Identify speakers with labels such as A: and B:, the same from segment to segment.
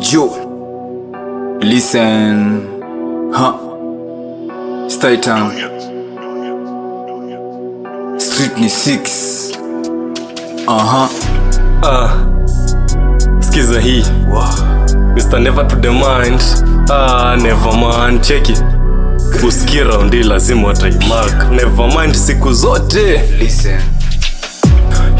A: Jewel. Listen. Huh. Stay down. Street ni six. Aha. Uh
B: -huh. Uh, ah. sikiza hii. Wow. Mr. Never to the mind. Ah, never mind. Check it. Kusikira ndi lazima utaimark. Never mind siku zote. Listen.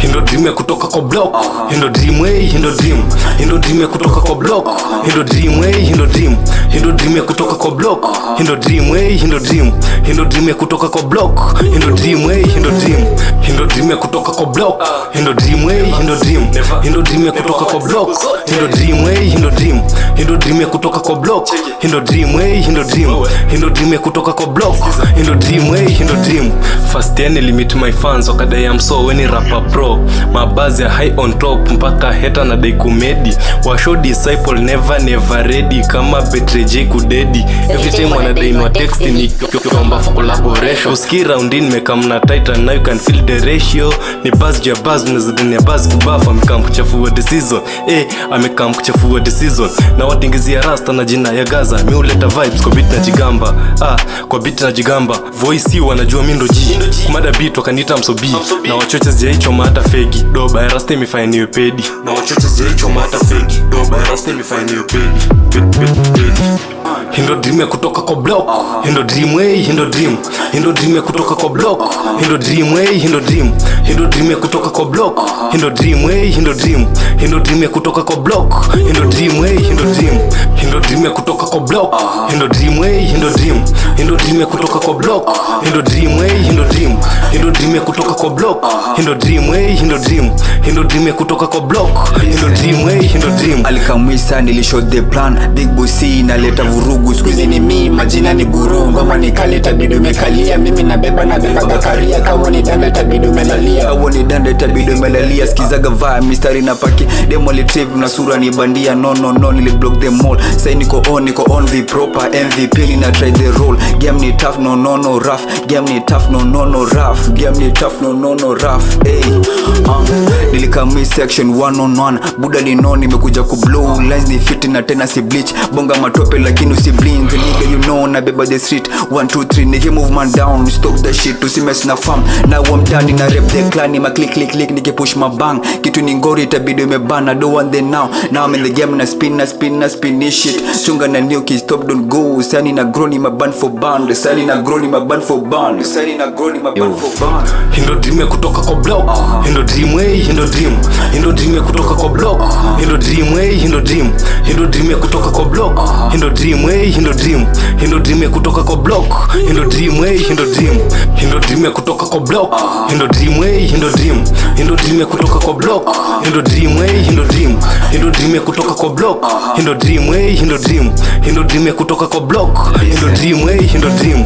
B: Hindo dream ya kutoka kwa block, hindo dream way, hindo dream, hindo dream ya kutoka kwa block, hindo dream way, hindo dream, hindo dream ya kutoka kwa block, hindo dream way, hindo dream, hindo dream ya kutoka kwa block, hindo dream way, hindo dream dream ya kutoka kwa block, hindo dream way, hindo dream, hindo dream ya kutoka kwa block, hindo dream way, hindo dream, hindo dream ya kutoka kwa block, hindo dream way, hindo dream, hindo dream ya kutoka kwa block, hindo dream way, hindo dream. First year ni limit my fans wakada ya mso weni rapper pro, mabazi ya high on top mpaka heta na dai kumedi, wa show disciple never never ready kama betreje kudedi, every time wana wanadai no text ni kiomba for collaboration, uski round in mekamna tight and now you can feel the ratio ni buzz juu ya buzz, nazidania buzz kubafa. Amekam kuchafua the season eh, amekam kuchafua the season na watingizia rasta na jina ya Gaza. Mi huleta vibes kwa beat na jigamba, ah, kwa beat na jigamba voice wanajua mimi ndo G mada beat wakaniita msobi na wachoche sijaichoma hata fegi doba ya rasta imefainiwe pedi na wachoche sijaichoma hata fegi doba ya rasta imefainiwe pedi Hindo dream ya kutoka kwa block, hindo dream way, hindo dream, hindo dream ya kutoka kwa block, hindo dream way, hindo dream, hindo dream ya kutoka kwa block, hindo dream hey, hindo dream, hindo dream ya kutoka kwa block, hindo dream hey, hindo dream, hindo dream ya kutoka kwa block, hindo dream hey, hindo dream, hindo dream ya kutoka kwa block, hindo dream hey, hindo dream, hindo dream ya kutoka kwa block, hindo dream hey, hindo dream, hindo dream ya kutoka kwa block, hindo dream hey, hindo dream. Alikamisa nilisho the plan, big boy si inaleta vurugu, squeeze ni mimi, majina ni guru, ngoma nikaleta bidu mekalia, mimi nabeba nabeba Zakaria, kama ni dame tabidu melalia ni dande tabido melalia sikizaga vaya mistari na paki demo trip na sura ni bandia no no no nili block them all say niko on niko on the proper MVP na try the role game ni tough no no no rough game ni tough no no no rough game ni tough no no no rough hey um, nilikami section on 111 buda ni lino nimekuja ku blow lines ni fit na tena si bleach bonga matope lakini usi blink nigga you know na beba the street 1 2 3 nige movement down stop the shit usimess na farm now I'm done na rep the clan ma click click click push nikipush bang kitu ni ngori itabidi umebana do one then now now I'm in the game na spin na spin na spin shit chunga na new kids stop don't go sani na grow ni maban for band sani na grow ni maban for band sani na grow ni maban for band hindo dream ya kutoka kwa block hindo dream way hindo dream hindo dream ya kutoka kwa block hindo dream way hindo dream hindo dream ya kutoka kwa block hindo dream way hindo dream hindo dream ya kutoka kwa block hindo dream way hindo dream hindo dream ya kutoka kwa block hindo dream hey, hindo dream hindo dream ya kutoka kwa block hindo dream hey, hindo dream hindo dream ya kutoka kwa block hindo dream hey, hindo dream hindo dream ya kutoka kwa block hindo dream hey, hindo dream